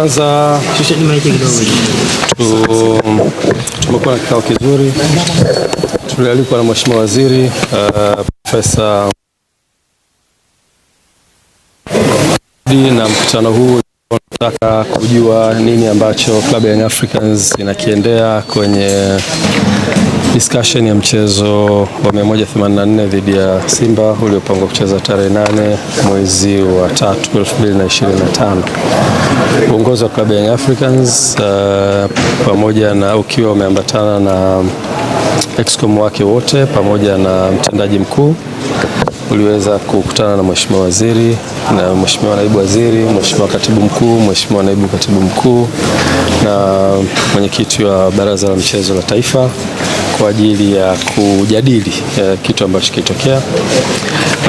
kwanza tumekuwa na kikao kizuri, tulialikwa na Mheshimiwa Waziri uh, Profesa na mkutano huu tunataka kujua nini ambacho klabu ya Young Africans inakiendea kwenye Discussion ya mchezo wa 184 dhidi ya Simba uliopangwa kucheza tarehe nane mwezi wa 3 2025. Uongozi wa klabu ya Young Africans uh, pamoja na ukiwa umeambatana na excom wake wote pamoja na mtendaji mkuu uliweza kukutana na mheshimiwa waziri na mheshimiwa naibu waziri, mheshimiwa katibu mkuu, mheshimiwa naibu katibu mkuu na mwenyekiti wa baraza la mchezo la taifa kwa ajili ya kujadili ya eh, kitu ambacho kilitokea.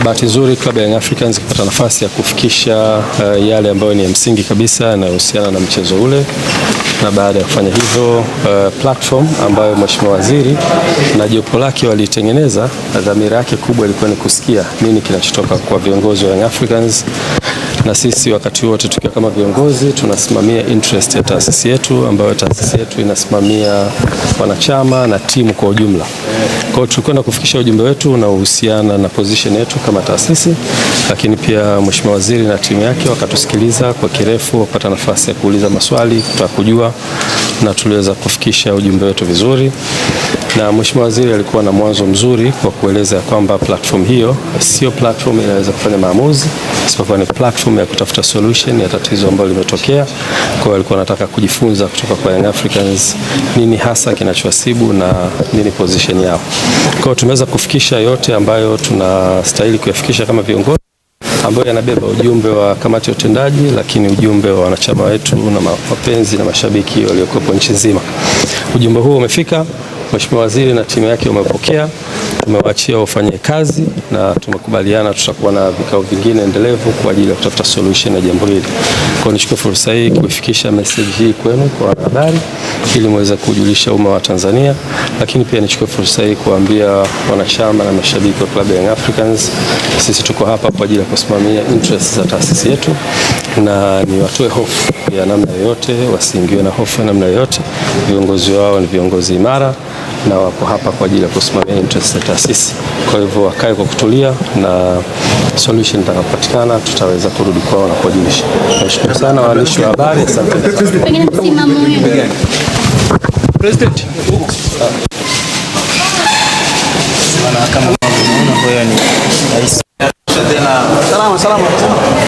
Bahati nzuri klabu ya Young Africans ikapata nafasi ya kufikisha uh, yale ambayo ni ya msingi kabisa yanayohusiana na mchezo ule, na baada ya kufanya hivyo uh, platform ambayo mheshimiwa waziri na jopo lake walitengeneza, dhamira yake kubwa ilikuwa ni kusikia nini kinachotoka kwa viongozi wa Young Africans na sisi wakati wote tukiwa kama viongozi tunasimamia interest ya taasisi yetu, ambayo taasisi yetu inasimamia wanachama na timu kwa ujumla. Kwa hiyo tulikwenda kufikisha ujumbe wetu unaohusiana na position yetu kama taasisi, lakini pia Mheshimiwa Waziri na timu yake wakatusikiliza kwa kirefu, wakapata nafasi ya kuuliza maswali, kutaka kujua, na tuliweza kufikisha ujumbe wetu vizuri na Mheshimiwa Waziri alikuwa na mwanzo mzuri kwa kueleza ya kwamba platform hiyo sio platform inaweza kufanya maamuzi, isipokuwa ni platform ya kutafuta solution ya tatizo ambalo limetokea. Kwa hiyo alikuwa anataka kujifunza kutoka kwa Young Africans nini hasa kinachowasibu na nini position yao. Kwa hiyo tumeweza kufikisha yote ambayo tunastahili kuyafikisha kama viongozi ambayo yanabeba ujumbe wa kamati ya utendaji, lakini ujumbe wa wanachama wetu na mapenzi na mashabiki waliokuwepo nchi nzima. Ujumbe huo umefika. Mheshimiwa Waziri na timu yake umepokea tumewaachia wafanye kazi na tumekubaliana tutakuwa na vikao vingine endelevu kwa ajili ya kutafuta solution ya jambo hili. Kwa hiyo nichukue fursa hii kuifikisha message hii kwenu kwa wanahabari ili muweze kujulisha umma wa Tanzania, lakini pia nichukue fursa hii kuambia wanachama na mashabiki wa klabu ya Young Africans, sisi tuko hapa kwa ajili ya kusimamia interest za taasisi yetu na ni watoe hofu ya namna yoyote, wasiingiwe na hofu ya namna yoyote. Viongozi wao ni viongozi imara na wako hapa kwa ajili ya kusimamia interest ya taasisi. Kwa hivyo wakae kwa kutulia na solution itakapopatikana tutaweza kurudi kwao na kuwajulisha. Nashukuru sana waandishi wa habari, asante. President Salama salama.